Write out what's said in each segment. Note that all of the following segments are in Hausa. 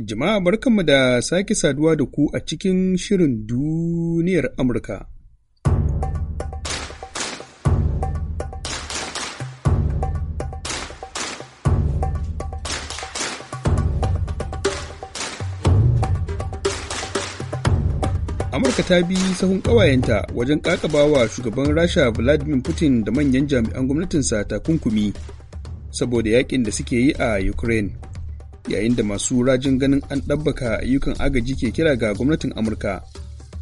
Jama'a barkanmu da sake saduwa da ku a cikin shirin duniyar Amurka. Amurka ta bi sahun ƙawayenta wajen ƙaƙabawa shugaban Rasha Vladimir Putin da manyan jami'an gwamnatinsa takunkumi saboda yakin da suke yi a Ukraine. yayin da masu rajin ganin an ɗabbaka ayyukan agaji ke kira ga gwamnatin amurka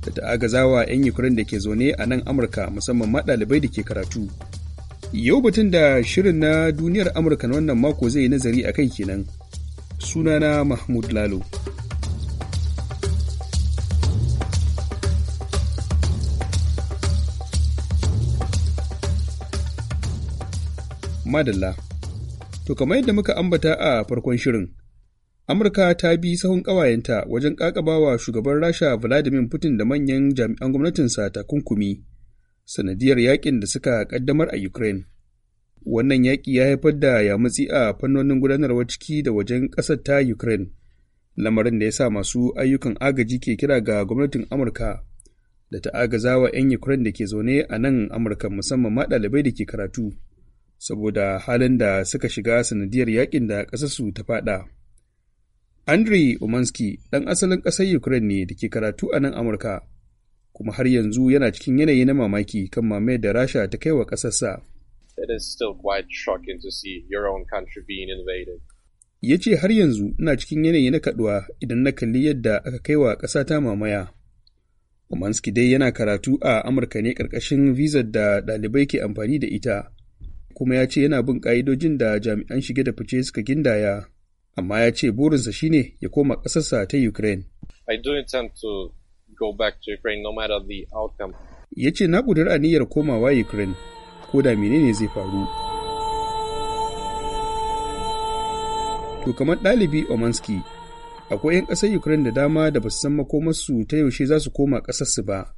da ta agazawa 'yan ukraine da ke zaune a nan amurka musamman ma ɗalibai da ke karatu yau batun da shirin na duniyar amurka na wannan mako zai nazari a kai kenan sunana mahmud lalo madalla to kamar yadda muka ambata a farkon shirin Amurka ta bi sahun ƙawayenta wajen ƙaƙabawa shugaban Rasha Vladimir Putin da manyan jami'an gwamnatinsa takunkumi sanadiyar yakin da suka ƙaddamar a Ukraine. Wannan yaƙi ya haifar da yamutsi a fannonin gudanarwar ciki da wajen ƙasar ta Ukraine, lamarin da ya sa masu ayyukan agaji ke kira ga gwamnatin Amurka da ta agaza wa 'yan Ukraine da ke zaune a nan Amurka musamman ma ɗalibai da ke karatu, saboda halin da suka shiga sanadiyar yaƙin da ƙasarsu ta faɗa. Andriy Umansky ɗan asalin ƙasar Ukraine ne da ke karatu a nan Amurka, kuma har yanzu yana cikin yanayi na mamaki kan mamayar da Rasha ta kai wa ƙasarsa. Ya ce har yanzu ina cikin yanayi na kaduwa idan na kalli yadda aka kai wa ƙasata mamaya. Umansky dai yana karatu a Amurka ne ƙarƙashin vizar da ɗalibai ke amfani da ita, kuma ya ce yana bin ƙa'idojin da jami'an shige da fice suka gindaya. amma ya ce burinsa shine ya koma ƙasarsa ta Ukraine. I do to go back to Ukraine no matter the outcome. Ya ce na ƙudiri aniyar komawa Ukraine ko da menene zai faru. To kamar ɗalibi Omanski akwai 'yan ƙasar Ukraine da dama da ba su san makomarsu ta yaushe za su koma ƙasarsu ba,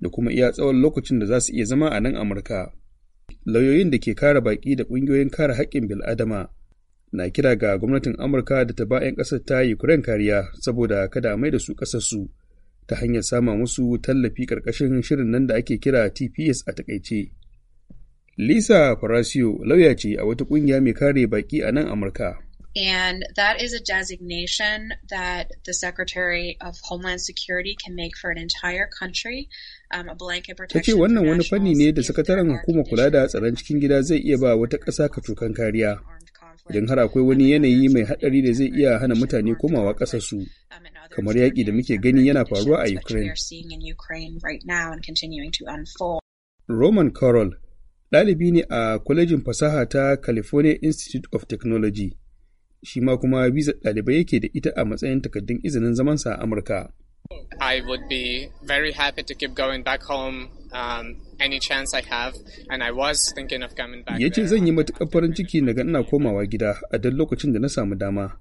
da kuma iya tsawon lokacin da za su iya zama a nan Amurka. Lauyoyin da ke kare baƙi da ƙungiyoyin kare haƙƙin bil'adama na kira ga gwamnatin Amurka da ta bayan ƙasar ta Ukraine kariya saboda kada mai da su ƙasarsu ta hanyar sama musu tallafi ƙarƙashin shirin nan da ake kira TPS a takaice. Lisa Farasio lauya ce a wata ƙungiya mai kare baƙi a nan Amurka. And that is a designation that the Secretary of Homeland Security can make for an entire country, um, Ta wannan wani fanni ne da sakataren hukumar kula da tsaron cikin gida zai iya ba wata ƙasa ka kacokan kariya. idan har akwai wani yanayi mai haɗari da zai iya hana mutane komawa ƙasarsu kamar yaƙi da muke gani yana faruwa a Ukraine. Roman Carroll ɗalibi ne a kwalejin fasaha ta California Institute of Technology, shi ma kuma bizar ɗalibai yake da ita a matsayin takaddun izinin zamansa a Amurka. I would be very happy to keep going back home um, any chance I have and I was thinking of coming back. Yace zan yi matuƙar farin ciki na ga ina komawa gida a duk lokacin da na samu dama.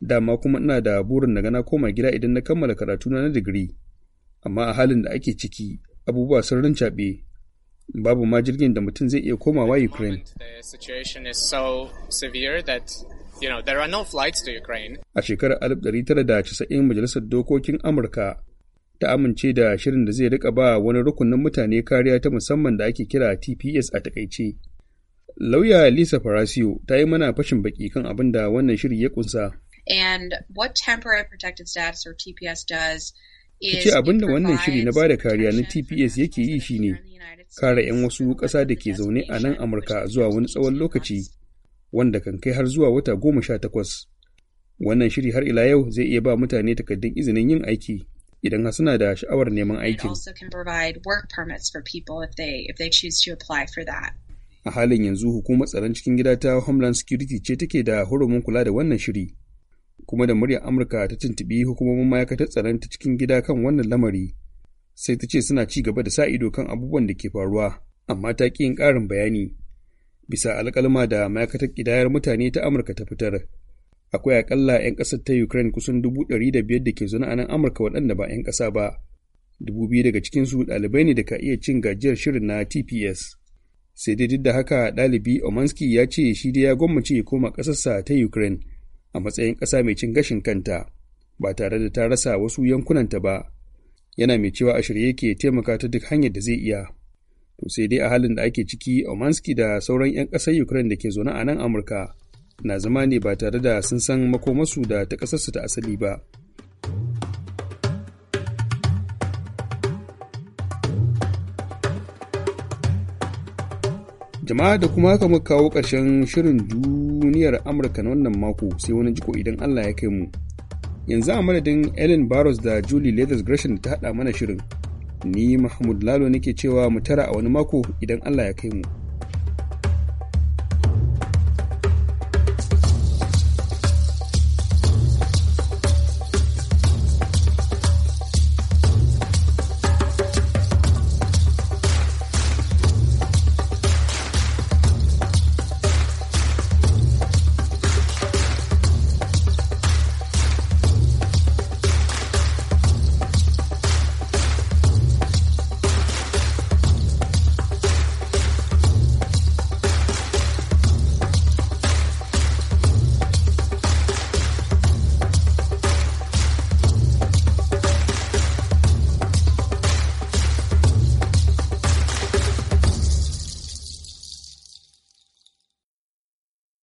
Dama kuma ina da burin na ga na koma gida idan na kammala karatu na na digiri. Amma a halin da ake ciki abubuwa sun rincaɓe babu ma jirgin da mutum zai iya komawa Ukraine. A shekarar 1990 Majalisar Dokokin Amurka ta amince da shirin da zai rika ba wani rukunin mutane kariya ta musamman da ake kira TPS a takaice. Lauya Lisa Farasio ta yi mana fashin baki kan abin da wannan shiri ya kunsa. And what temporary protected status or TPS does ta ce abin da wannan shiri na bada kariya na tps yake yi shine kare 'yan wasu ƙasa da ke zaune a nan amurka zuwa wani tsawon lokaci wanda kan kai har zuwa wata goma sha takwas wannan shiri har ila yau zai iya ba mutane takaddun izinin yin aiki idan har suna da sha'awar neman aikin a halin yanzu hukumar tsaron cikin gida ta homeland security ce take da hurumin kula da wannan shiri kuma da muryar amurka ta tuntubi hukumomin ma'aikatar tsaron ta cikin gida kan wannan lamari sai ta ce suna ci gaba da sa ido kan abubuwan da ke faruwa amma ta ƙi yin ƙarin bayani bisa alƙalma da ma'aikatar ƙidayar mutane ta amurka ta fitar akwai akalla 'yan ƙasar ta Ukraine kusan dubu ɗari da biyar da ke zaune a nan Amurka waɗanda ba 'yan ƙasa ba. Dubu biyu daga cikinsu ɗalibai ne da ka iya cin gajiyar shirin na TPS. Sai dai duk da haka ɗalibi Omanski ya ce shi dai ya gwammace ya koma ƙasarsa ta Ukraine a matsayin ƙasa mai cin gashin kanta ba tare da ta rasa wasu yankunanta ba yana mai cewa a shirye ke taimaka ta duk hanyar da zai iya to sai dai a halin da ake ciki omanski da sauran 'yan ƙasar Ukraine da ke zaune a nan Amurka na zama ne ba tare da sun san makomasu da ta ƙasarsu ta asali ba. Jama'a da kuma haka muka kawo ƙarshen shirin duk duniyar Amurka na wannan mako sai wani jiko idan Allah ya kai mu. Yanzu a madadin Ellen Barros da Julie Leathers Gresham ta hada mana shirin. Ni Mahmud Lalo nake cewa mu tara a wani mako idan Allah ya kai mu.